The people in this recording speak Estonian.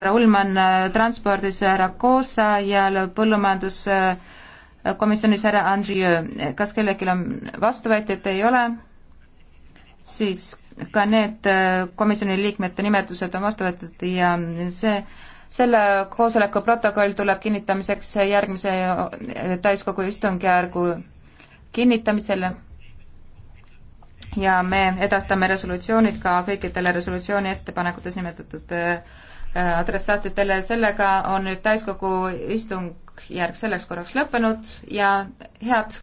härra Ullmann äh, transpordis härra Koosa ja põllumajanduskomisjonis härra Andrieu. kas kellelgi on vastuvõtjaid, ei ole? siis ka need äh, komisjoni liikmete nimetused on vastu võetud ja see, selle koosoleku protokoll tuleb kinnitamiseks järgmise äh, täiskogu istungjärgu kinnitamisele ja me edastame resolutsioonid ka kõikidele resolutsiooni ettepanekutes nimetatud äh, adressaatidele. sellega on nüüd täiskogu istungjärg selleks korraks lõppenud ja head